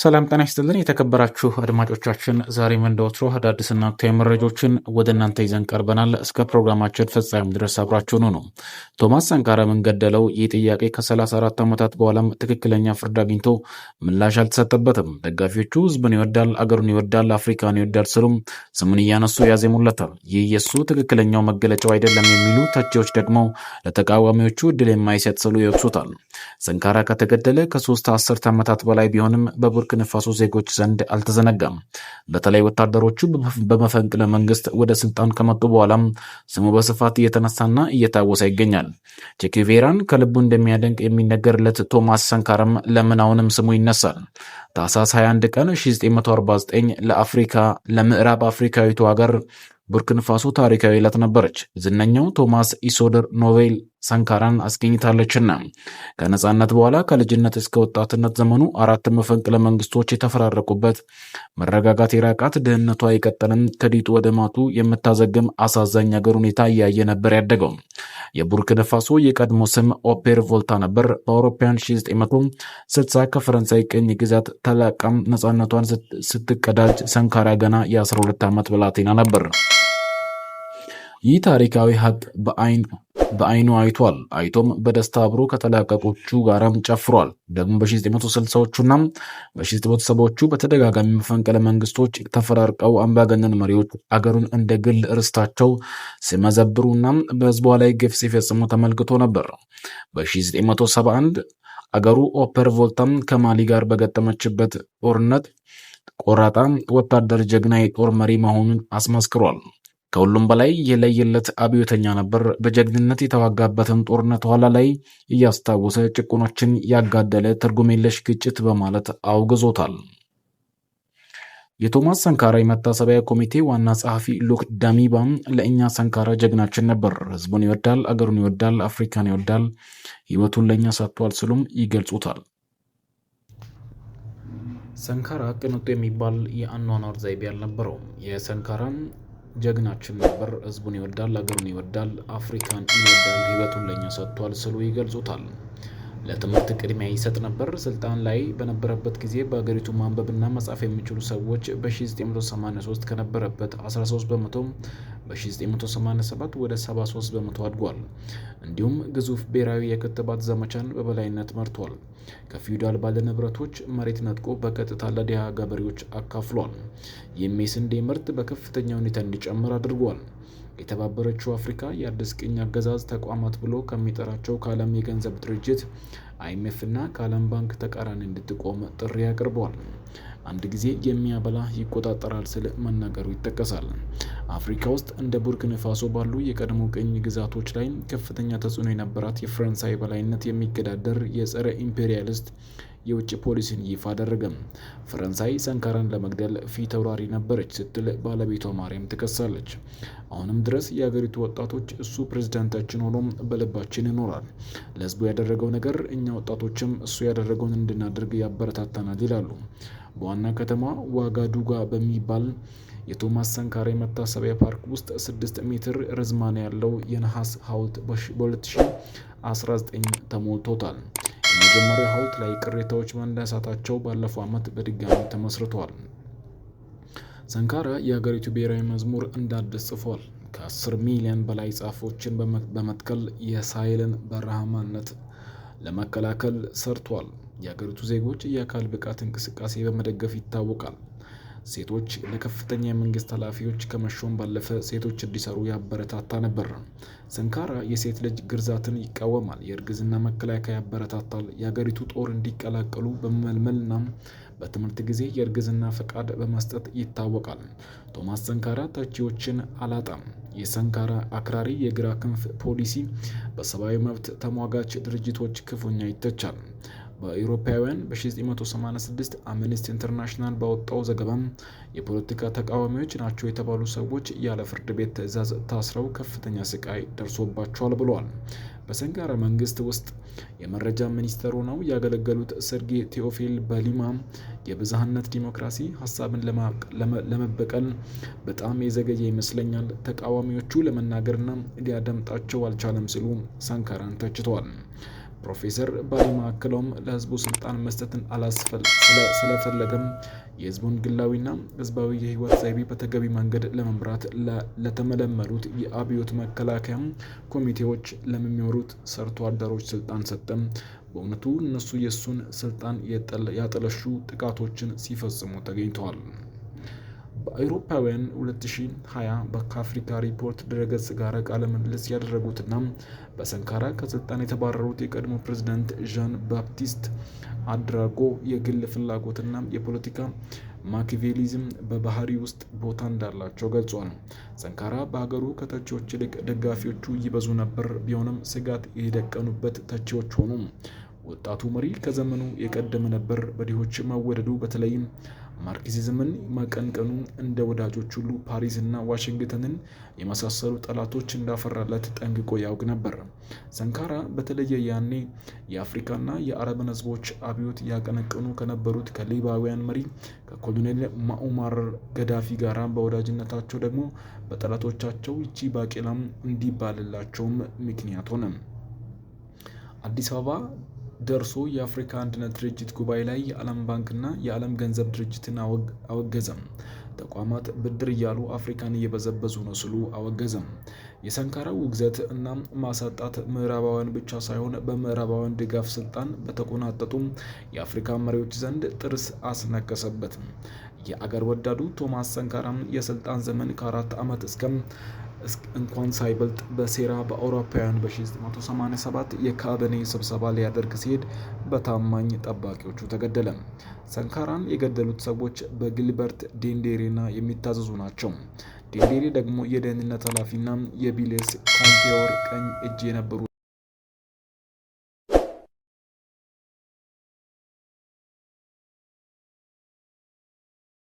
ሰላም ጤና ይስጥልን የተከበራችሁ አድማጮቻችን፣ ዛሬም እንደወትሮ አዳዲስና ወቅታዊ መረጃዎችን ወደ እናንተ ይዘን ቀርበናል። እስከ ፕሮግራማችን ፍጻሜ ድረስ አብራችሁን ነው። ቶማስ ሳንካራ ምን ገደለው? ይህ ጥያቄ ከ34 ዓመታት በኋላም ትክክለኛ ፍርድ አግኝቶ ምላሽ አልተሰጠበትም። ደጋፊዎቹ ህዝብን ይወዳል፣ አገሩን ይወዳል፣ አፍሪካን ይወዳል ስሉም ስሙን እያነሱ ያዜሙለታል። ይህ የእሱ ትክክለኛው መገለጫው አይደለም የሚሉ ተቺዎች ደግሞ ለተቃዋሚዎቹ እድል የማይሰጥ ስሉ ይወቅሱታል። ሳንካራ ከተገደለ ከሶስት አስርት ዓመታት በላይ ቢሆንም በ የቡርኪና ፋሶ ዜጎች ዘንድ አልተዘነጋም። በተለይ ወታደሮቹ በመፈንቅለ መንግስት ወደ ስልጣን ከመጡ በኋላም ስሙ በስፋት እየተነሳና እየታወሰ ይገኛል። ቼኪቬራን ከልቡ እንደሚያደንቅ የሚነገርለት ቶማስ ሰንካራም ለምን አሁንም ስሙ ይነሳል? ታህሳስ 21 ቀን 1949 ለአፍሪካ ለምዕራብ አፍሪካዊቱ ሀገር ቡርኪና ፋሶ ታሪካዊ ዕለት ነበረች። ዝነኛው ቶማስ ኢሶደር ኖቬል ሰንካራን አስገኝታለችና ከነጻነት በኋላ ከልጅነት እስከ ወጣትነት ዘመኑ አራት መፈንቅለ መንግስቶች የተፈራረቁበት መረጋጋት የራቃት ድህነቷ የቀጠለን ከዲጡ ወደ ማቱ የምታዘግም አሳዛኝ ሀገር ሁኔታ እያየ ነበር ያደገው። የቡርኪና ፋሶ የቀድሞ ስም ኦፔር ቮልታ ነበር። በአውሮፓውያን 1960 ከፈረንሳይ ቅኝ ግዛት ተላቃም ነጻነቷን ስትቀዳጅ ሰንካራ ገና የ12 ዓመት ብላቴና ነበር። ይህ ታሪካዊ ሀቅ በአይን በአይኑ አይቷል። አይቶም በደስታ አብሮ ከተላቀቆቹ ጋራም ጨፍሯል። ደግሞ በ1960ዎቹና በ1970ዎቹ በተደጋጋሚ መፈንቅለ መንግስቶች ተፈራርቀው አምባገነን መሪዎች አገሩን እንደ ግል እርስታቸው ሲመዘብሩና በህዝቧ ላይ ግፍ ሲፈጽሙ ተመልክቶ ነበር። በ1971 አገሩ ኦፐር ቮልታም ከማሊ ጋር በገጠመችበት ጦርነት ቆራጣ ወታደር ጀግና የጦር መሪ መሆኑን አስመስክሯል። ከሁሉም በላይ የለየለት አብዮተኛ ነበር። በጀግንነት የተዋጋበትን ጦርነት ኋላ ላይ እያስታወሰ ጭቁኖችን ያጋደለ ትርጉም የለሽ ግጭት በማለት አውግዞታል። የቶማስ ሰንካራ የመታሰቢያ ኮሚቴ ዋና ጸሐፊ ሉክ ዳሚባም ለእኛ ሰንካራ ጀግናችን ነበር፣ ህዝቡን ይወዳል፣ አገሩን ይወዳል፣ አፍሪካን ይወዳል፣ ህይወቱን ለእኛ ሰጥቷል ሲሉም ይገልጹታል። ሰንካራ ቅንጡ የሚባል የአኗኗር ዘይቤ አልነበረውም። የሰንካራን ጀግናችን ነበር። ህዝቡን ይወዳል፣ አገሩን ይወዳል፣ አፍሪካን ይወዳል፣ ህይወቱን ለእኛ ሰጥቷል ስሉ ይገልጹታል። ለትምህርት ቅድሚያ ይሰጥ ነበር። ስልጣን ላይ በነበረበት ጊዜ በአገሪቱ ማንበብና መጻፍ የሚችሉ ሰዎች በ1983 ከነበረበት 13 በመቶ በ1987 ወደ 73 በመቶ አድጓል። እንዲሁም ግዙፍ ብሔራዊ የክትባት ዘመቻን በበላይነት መርቷል። ከፊውዳል ባለንብረቶች መሬት ነጥቆ በቀጥታ ለድሃ ገበሬዎች አካፍሏል። የስንዴ ምርት በከፍተኛ ሁኔታ እንዲጨምር አድርጓል። የተባበረችው አፍሪካ የአዲስ ቅኝ አገዛዝ ተቋማት ብሎ ከሚጠራቸው ከዓለም የገንዘብ ድርጅት አይኤምኤፍ እና ከዓለም ባንክ ተቃራኒ እንድትቆም ጥሪ አቅርበዋል። አንድ ጊዜ የሚያበላ ይቆጣጠራል ስል መናገሩ ይጠቀሳል። አፍሪካ ውስጥ እንደ ቡርኪና ፋሶ ባሉ የቀድሞ ቅኝ ግዛቶች ላይ ከፍተኛ ተጽዕኖ የነበራት የፈረንሳይ በላይነት የሚገዳደር የጸረ ኢምፔሪያሊስት የውጭ ፖሊሲን ይፋ አደረገም። ፈረንሳይ ሰንካራን ለመግደል ፊት ነበረች ስትል ባለቤቷ ማርያም ትከሳለች። አሁንም ድረስ የሀገሪቱ ወጣቶች እሱ ፕሬዚዳንታችን ሆኖም በልባችን ይኖራል። ለህዝቡ ያደረገው ነገር እኛ ወጣቶችም እሱ ያደረገውን እንድናደርግ ያበረታታናል ይላሉ። በዋና ከተማ ዋጋ ዱጋ በሚባል የቶማስ ሰንካራ የመታሰቢያ ፓርክ ውስጥ ስድስት ሜትር ርዝማኔ ያለው የነሐስ ሐውልት በ2019 ተሞልቶታል። የመጀመሪያው ሐውልት ላይ ቅሬታዎች መነሳታቸው ባለፈው ዓመት በድጋሚ ተመስርተዋል። ሰንካራ የሀገሪቱ ብሔራዊ መዝሙር እንደ ጽፏል። ከ10 ሚሊዮን በላይ ዛፎችን በመትከል የሳይልን በረሃማነት ለመከላከል ሰርቷል። የሀገሪቱ ዜጎች የአካል ብቃት እንቅስቃሴ በመደገፍ ይታወቃል። ሴቶች ለከፍተኛ የመንግስት ኃላፊዎች ከመሾም ባለፈ ሴቶች እንዲሰሩ ያበረታታ ነበር። ሰንካራ የሴት ልጅ ግርዛትን ይቃወማል፣ የእርግዝና መከላከያ ያበረታታል፣ የአገሪቱ ጦር እንዲቀላቀሉ በመመልመልና በትምህርት ጊዜ የእርግዝና ፈቃድ በመስጠት ይታወቃል። ቶማስ ሰንካራ ተቺዎችን አላጣም። የሰንካራ አክራሪ የግራ ክንፍ ፖሊሲ በሰብአዊ መብት ተሟጋች ድርጅቶች ክፉኛ ይተቻል። በአውሮፓውያን በ1986 አምነስቲ ኢንተርናሽናል ባወጣው ዘገባም የፖለቲካ ተቃዋሚዎች ናቸው የተባሉ ሰዎች ያለ ፍርድ ቤት ትዕዛዝ ታስረው ከፍተኛ ስቃይ ደርሶባቸዋል ብለዋል። በሰንጋረ መንግስት ውስጥ የመረጃ ሚኒስተር ሆነው ያገለገሉት ሰርጌ ቴዎፊል በሊማ የብዝሃነት ዲሞክራሲ ሀሳብን ለመበቀል በጣም የዘገየ ይመስለኛል፣ ተቃዋሚዎቹ ለመናገርና ሊያደምጣቸው አልቻለም ሲሉ ሰንካራን ተችተዋል። ፕሮፌሰር ባዲማ አክለውም ለህዝቡ ስልጣን መስጠትን ስለፈለገም የህዝቡን ግላዊና ህዝባዊ የህይወት ዘይቤ በተገቢ መንገድ ለመምራት ለተመለመሉት የአብዮት መከላከያ ኮሚቴዎች ለሚኖሩት ሰርቶ አደሮች ስልጣን ሰጠም። በእውነቱ እነሱ የእሱን ስልጣን ያጠለሹ ጥቃቶችን ሲፈጽሙ ተገኝተዋል። በአውሮፓውያን 2020 ከአፍሪካ ሪፖርት ድረገጽ ጋር ቃለ ምልልስ ያደረጉትና በሰንካራ ከስልጣን የተባረሩት የቀድሞ ፕሬዚዳንት ዣን ባፕቲስት አድራጎ የግል ፍላጎትና የፖለቲካ ማኪቬሊዝም በባህሪ ውስጥ ቦታ እንዳላቸው ገልጿል። ሰንካራ በሀገሩ ከተቺዎች ይልቅ ደጋፊዎቹ ይበዙ ነበር። ቢሆንም ስጋት የደቀኑበት ተቺዎች ሆኑ። ወጣቱ መሪ ከዘመኑ የቀደመ ነበር። በድሆች መወደዱ በተለይም ማርክሲዝምን ማቀንቀኑ እንደ ወዳጆች ሁሉ ፓሪስና ዋሽንግተንን የመሳሰሉ ጠላቶች እንዳፈራለት ጠንቅቆ ያውቅ ነበር። ሰንካራ በተለየ ያኔ የአፍሪካና የአረብን ህዝቦች አብዮት ያቀነቀኑ ከነበሩት ከሊባውያን መሪ ከኮሎኔል ማኡማር ገዳፊ ጋራ በወዳጅነታቸው ደግሞ በጠላቶቻቸው ይቺ ባቄላም እንዲባልላቸውም ምክንያት ሆነ። አዲስ አበባ ደርሶ የአፍሪካ አንድነት ድርጅት ጉባኤ ላይ የዓለም ባንክና የዓለም ገንዘብ ድርጅትን አወገዘም። ተቋማት ብድር እያሉ አፍሪካን እየበዘበዙ ነው ሲሉ አወገዘም። የሰንካራው ውግዘት እና ማሳጣት ምዕራባውያን ብቻ ሳይሆን በምዕራባውያን ድጋፍ ስልጣን በተቆናጠጡም የአፍሪካ መሪዎች ዘንድ ጥርስ አስነከሰበት። የአገር ወዳዱ ቶማስ ሰንካራም የስልጣን ዘመን ከአራት ዓመት እስከ እንኳን ሳይበልጥ በሴራ በአውሮፓውያን በ1987 የካቢኔ ስብሰባ ሊያደርግ ሲሄድ በታማኝ ጠባቂዎቹ ተገደለ። ሰንካራን የገደሉት ሰዎች በግልበርት ዴንዴሬና የሚታዘዙ ናቸው። ዴንዴሬ ደግሞ የደህንነት ኃላፊና የቢሌስ ኮምቴዎር ቀኝ እጅ የነበሩ